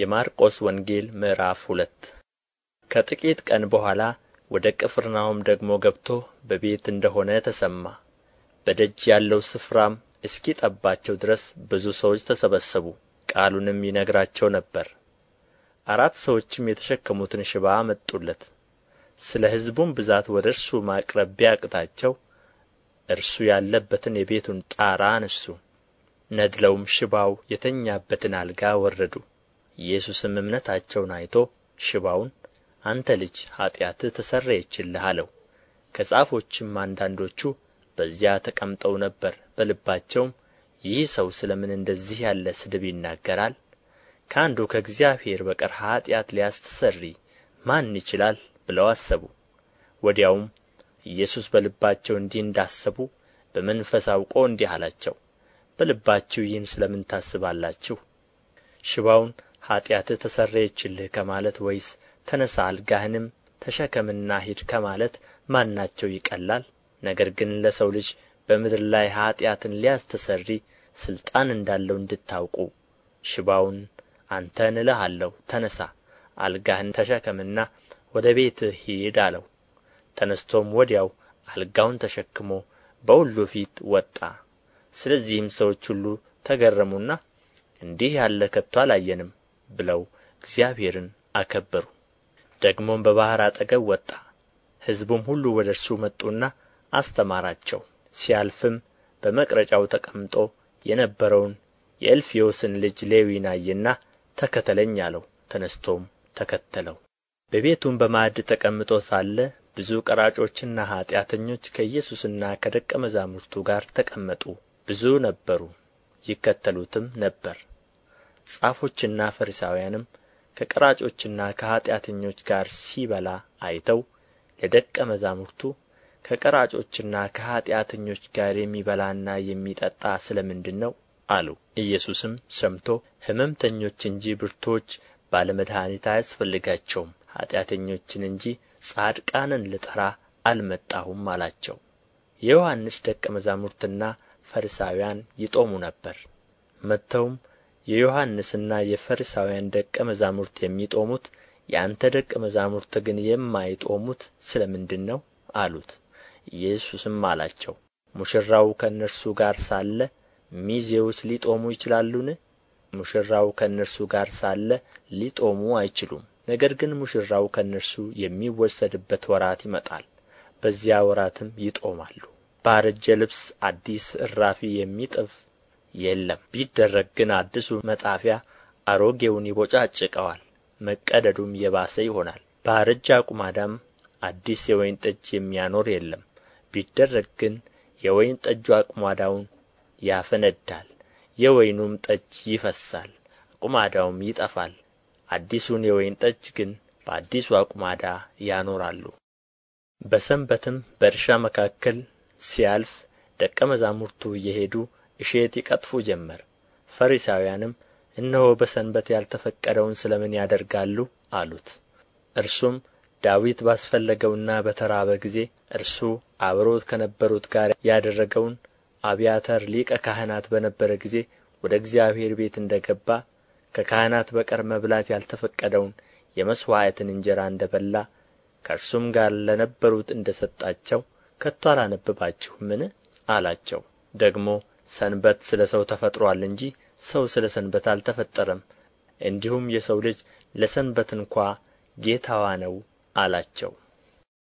የማርቆስ ወንጌል ምዕራፍ ሁለት ከጥቂት ቀን በኋላ ወደ ቅፍርናሆም ደግሞ ገብቶ በቤት እንደሆነ ተሰማ በደጅ ያለው ስፍራም እስኪጠባቸው ድረስ ብዙ ሰዎች ተሰበሰቡ፣ ቃሉንም ይነግራቸው ነበር። አራት ሰዎችም የተሸከሙትን ሽባ አመጡለት። ስለ ሕዝቡም ብዛት ወደ እርሱ ማቅረብ ቢያቅታቸው እርሱ ያለበትን የቤቱን ጣራ አነሱ፣ ነድለውም ሽባው የተኛበትን አልጋ ወረዱ። ኢየሱስም እምነታቸውን አይቶ ሽባውን አንተ ልጅ ኃጢአትህ ተሰረየችልህ አለው ከጻፎችም አንዳንዶቹ በዚያ ተቀምጠው ነበር በልባቸውም ይህ ሰው ስለ ምን እንደዚህ ያለ ስድብ ይናገራል ከአንዱ ከእግዚአብሔር በቀር ኀጢአት ሊያስተሰሪ ማን ይችላል ብለው አሰቡ ወዲያውም ኢየሱስ በልባቸው እንዲህ እንዳሰቡ በመንፈስ አውቆ እንዲህ አላቸው በልባችሁ ይህን ስለ ምን ታስባላችሁ ሽባውን ኃጢአትህ ተሰረየችልህ ከማለት ወይስ ተነሣ አልጋህንም ተሸከምና ሂድ ከማለት ማናቸው ይቀላል ነገር ግን ለሰው ልጅ በምድር ላይ ኀጢአትን ሊያስተሰሪ ሥልጣን እንዳለው እንድታውቁ ሽባውን አንተን እልሃለሁ ተነሣ አልጋህን ተሸከምና ወደ ቤትህ ሂድ አለው ተነስቶም ወዲያው አልጋውን ተሸክሞ በሁሉ ፊት ወጣ ስለዚህም ሰዎች ሁሉ ተገረሙና እንዲህ ያለ ከቶ አላየንም ብለው እግዚአብሔርን አከበሩ ደግሞም በባሕር አጠገብ ወጣ ሕዝቡም ሁሉ ወደ እርሱ መጡና አስተማራቸው ሲያልፍም በመቅረጫው ተቀምጦ የነበረውን የእልፍዮስን ልጅ ሌዊን አየና ተከተለኝ አለው ተነስቶም ተከተለው በቤቱም በማዕድ ተቀምጦ ሳለ ብዙ ቀራጮችና ኀጢአተኞች ከኢየሱስና ከደቀ መዛሙርቱ ጋር ተቀመጡ ብዙ ነበሩ ይከተሉትም ነበር ጻፎችና ፈሪሳውያንም ከቀራጮችና ከኃጢአተኞች ጋር ሲበላ አይተው ለደቀ መዛሙርቱ ከቀራጮችና ከኃጢአተኞች ጋር የሚበላና የሚጠጣ ስለ ምንድን ነው አሉ ኢየሱስም ሰምቶ ሕመምተኞች እንጂ ብርቶች ባለመድኃኒት አያስፈልጋቸውም ኃጢአተኞችን እንጂ ጻድቃንን ልጠራ አልመጣሁም አላቸው የዮሐንስ ደቀ መዛሙርትና ፈሪሳውያን ይጦሙ ነበር መጥተውም የዮሐንስና የፈሪሳውያን ደቀ መዛሙርት የሚጦሙት የአንተ ደቀ መዛሙርት ግን የማይጦሙት ስለ ምንድን ነው አሉት ኢየሱስም አላቸው ሙሽራው ከእነርሱ ጋር ሳለ ሚዜዎች ሊጦሙ ይችላሉን ሙሽራው ከእነርሱ ጋር ሳለ ሊጦሙ አይችሉም ነገር ግን ሙሽራው ከእነርሱ የሚወሰድበት ወራት ይመጣል በዚያ ወራትም ይጦማሉ ባረጀ ልብስ አዲስ እራፊ የሚጥፍ የለም ቢደረግ ግን አዲሱ መጣፊያ አሮጌውን ይቦጫጭቀዋል መቀደዱም የባሰ ይሆናል በአረጀ አቁማዳም አዲስ የወይን ጠጅ የሚያኖር የለም ቢደረግ ግን የወይን ጠጁ አቁማዳውን ያፈነዳል የወይኑም ጠጅ ይፈሳል አቁማዳውም ይጠፋል አዲሱን የወይን ጠጅ ግን በአዲሱ አቁማዳ ያኖራሉ። በሰንበትም በእርሻ መካከል ሲያልፍ ደቀ መዛሙርቱ እየሄዱ እሸት ይቀጥፉ ጀመር ፈሪሳውያንም እነሆ በሰንበት ያልተፈቀደውን ስለ ምን ያደርጋሉ አሉት እርሱም ዳዊት ባስፈለገውና በተራበ ጊዜ እርሱ አብሮት ከነበሩት ጋር ያደረገውን አብያተር ሊቀ ካህናት በነበረ ጊዜ ወደ እግዚአብሔር ቤት እንደ ገባ ከካህናት በቀር መብላት ያልተፈቀደውን የመሥዋዕትን እንጀራ እንደ በላ ከእርሱም ጋር ለነበሩት እንደ ሰጣቸው ከቶ አላነበባችሁምን አላቸው ደግሞ ሰንበት ስለ ሰው ተፈጥሯል እንጂ ሰው ስለ ሰንበት አልተፈጠረም እንዲሁም የሰው ልጅ ለሰንበት እንኳ ጌታዋ ነው አላቸው